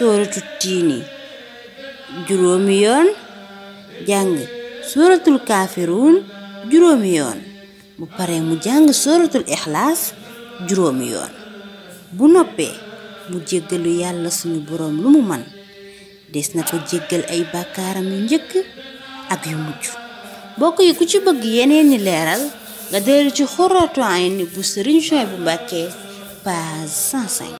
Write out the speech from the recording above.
sóoratu tiini juróomi yoon jàng sóoratul kaafiruun juróomi yoon bu paree mu jàng sóoratul ixlaas juróomi yoon bu noppee mu jéggalu yàlla suñu boroom lu mu man des na ko jéggal ay bàkkaaram yu njëkk ak yu mujj bokk yi ku ci bëgg yeneen leeral nga dellu ci Xurratu Ayni bu Sëriñ Suwaybu bu Mbàkke page 105